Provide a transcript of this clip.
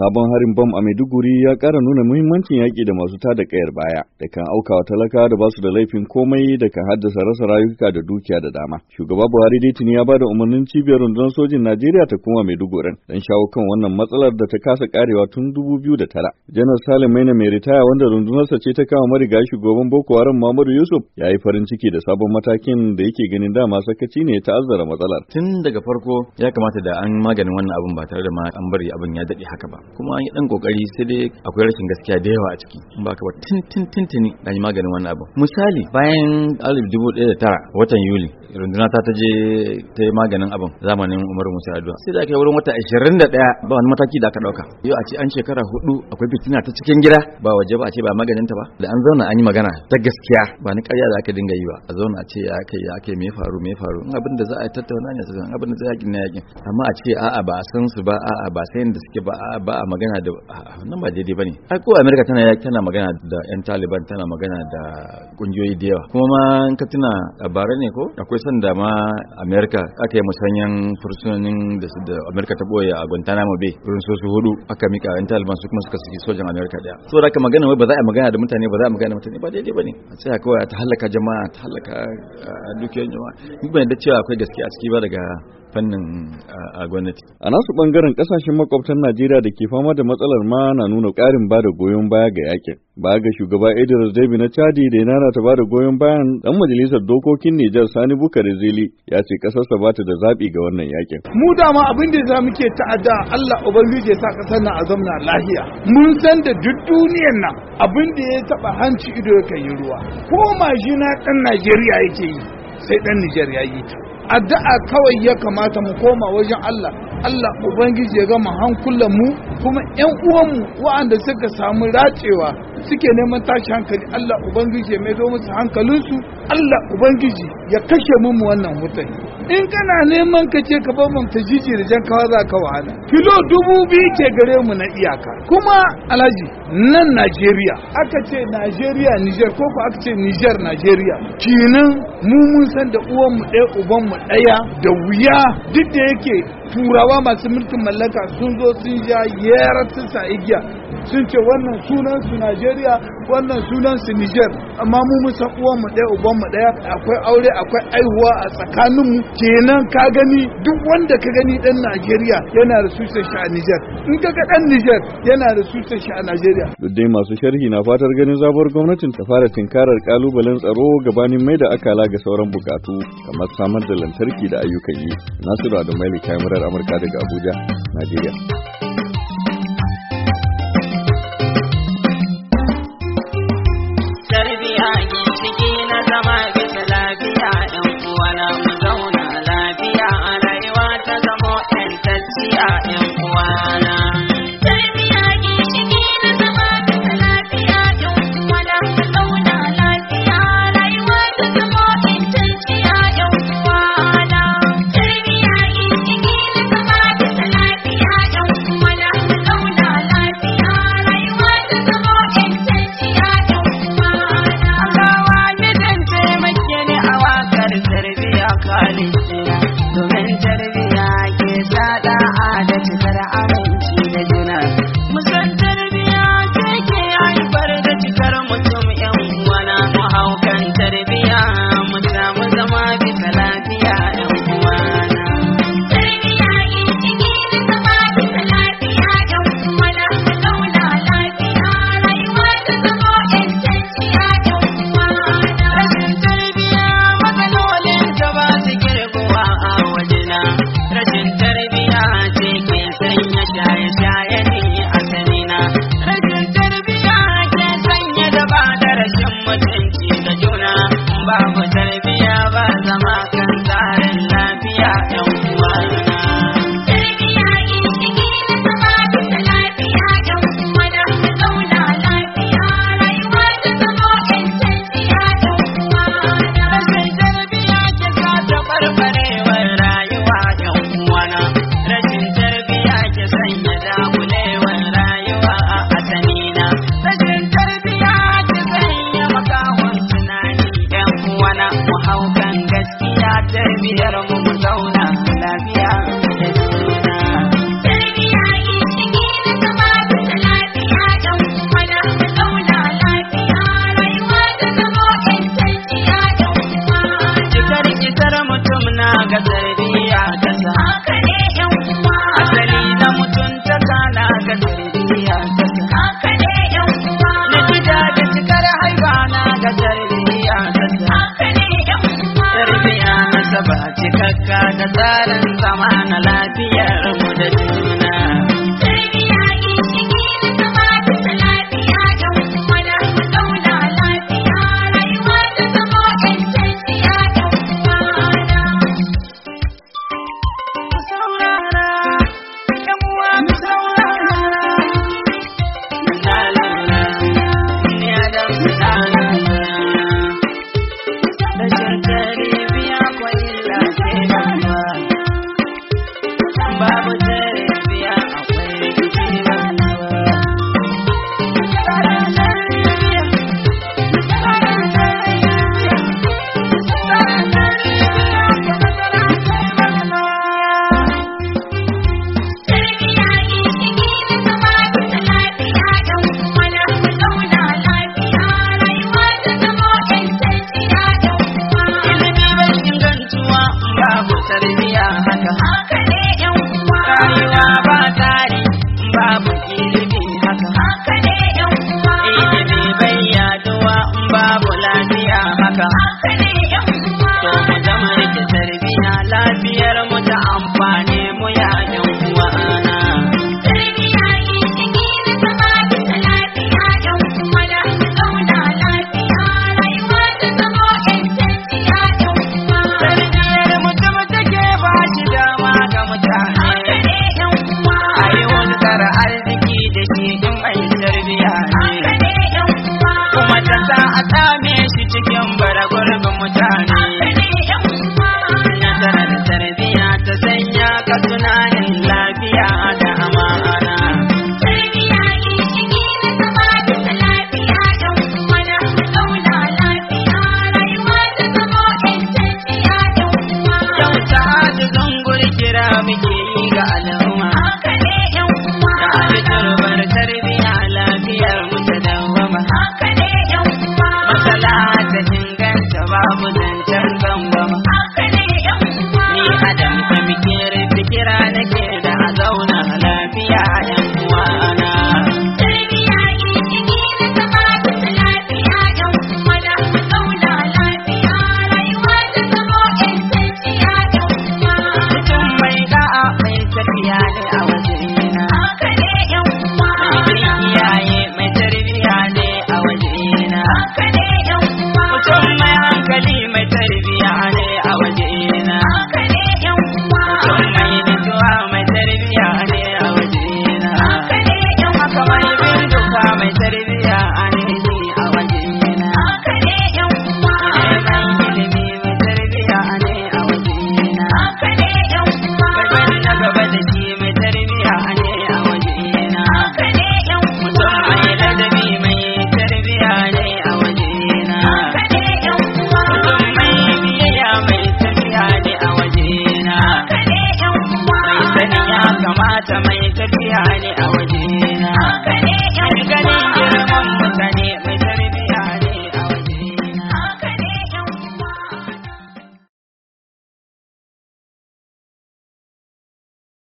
Sabon harin bom a Maiduguri ya ƙara nuna muhimmancin yaƙi da masu tada ƙayar baya da kan aukawa talaka da basu da laifin komai da kan haddasa rasa rayuka da dukiya da dama. Shugaba Buhari dai tuni ya ba da umarnin cibiyar rundunar sojin Najeriya ta koma Maidugurin don shawo kan wannan matsalar da ta kasa karewa tun dubu biyu da tara. Janar Salim Maina mai ritaya wanda rundunarsa ce ta kama mariga shugaban Boko Haram Muhammadu Yusuf ya yi farin ciki da sabon matakin da yake ganin dama sakaci ne ya ta'azzara matsalar. Tun daga farko ya kamata da an maganin wannan abin ba tare da ma an bari abin ya daɗe haka ba. kuma an yi dan kokari sai dai akwai rashin gaskiya da yawa a ciki in ba ka ba tin tin tin an ni maganin wannan abu misali bayan alif dubu da watan yuli runduna ta taje ta yi maganin abin zamanin umaru musa addu'a sai da aka yi wurin wata 21 ba wani mataki da aka dauka yau a ce an shekara hudu akwai fitina ta cikin gida ba waje ba a ce ba maganin ta ba da an zauna an yi magana ta gaskiya ba ni karya da aka dinga yi ba a zauna a ce ya kai ya kai me faru me faru in abin da za a tattauna ne sai abin da za a yi yakin amma a ce a'a ba san su ba a'a ba sai da suke ba a'a ba ba a magana da nan ba daidai bane ai ko america tana tana magana da yan taliban tana magana da kungiyoyi da yawa kuma ma in ka tuna a ne ko akwai da ma america aka yi musanyen fursunonin da da america ta boye a guantanamo bay wurin so su hudu aka mika yan taliban su kuma suka saki sojan america daya so da ka magana wai ba za a magana da mutane ba za a magana da mutane ba daidai bane a sai kawai ta halaka jama'a ta halaka dukiyoyin jama'a ni ban da cewa akwai gaskiya a ciki ba daga fannin a gwamnati a nasu bangaren kasashen makwabtan Najeriya da ke ke fama da matsalar ma na nuna ƙarin ba da goyon baya ga yakin. Ba ga shugaba Idris Debi na Chadi da yana ta ba da goyon bayan dan majalisar dokokin Nijar Sani Bukari Zeli ya ce ƙasarsa ba ta da zaɓi ga wannan yakin. Mu dama abin da za muke ta'adda Allah Ubangiji ya sa ƙasar na azamna lahiya. Mun san da duk duniyar nan abin da ya taɓa hanci ido ya kan ruwa. Ko majina ɗan Najeriya yake yi sai ɗan Nijar ya yi ta. Addu'a kawai ya kamata mu koma wajen Allah Allah Ubangiji ya gama hankulan mu kuma 'yan uwanmu wa'anda suka samu racewa suke neman tashi hankali Allah Ubangiji ya zo musu hankalinsu Allah Ubangiji ya kashe mu wannan wutan in kana neman ka ce ka bar mu ta jiji da jan kawa za ka wahala kilo dubu biyu ke gare mu na iyaka kuma alhaji nan najeriya aka ce najeriya niger ko ku aka ce niger najeriya kinan mu mun san da uwanmu ɗaya ubanmu ɗaya da wuya duk da yake turawa masu mulkin mallaka sun zo sun ja yara sun sa igiya sun ce wannan sunan su Najeriya wannan sunan su Niger amma mu mun san uwan mu ɗaya uban mu ɗaya akwai aure akwai aihuwa a tsakanin mu kenan ka gani duk wanda ka gani dan Najeriya yana da sunan shi a Niger in ka ga dan Niger yana da sunan shi a Najeriya duk dai masu sharhi na fatar ganin zabuwar gwamnatin ta fara tinkarar kalubalen tsaro gabanin mai da akala ga sauran bukatu kamar samar da lantarki da ayyukan yi Nasiru Adamu Maili kayan murar Amurka daga Abuja, Najeriya. bincike na zama shine. tsarin zama na lafiya. kamata mai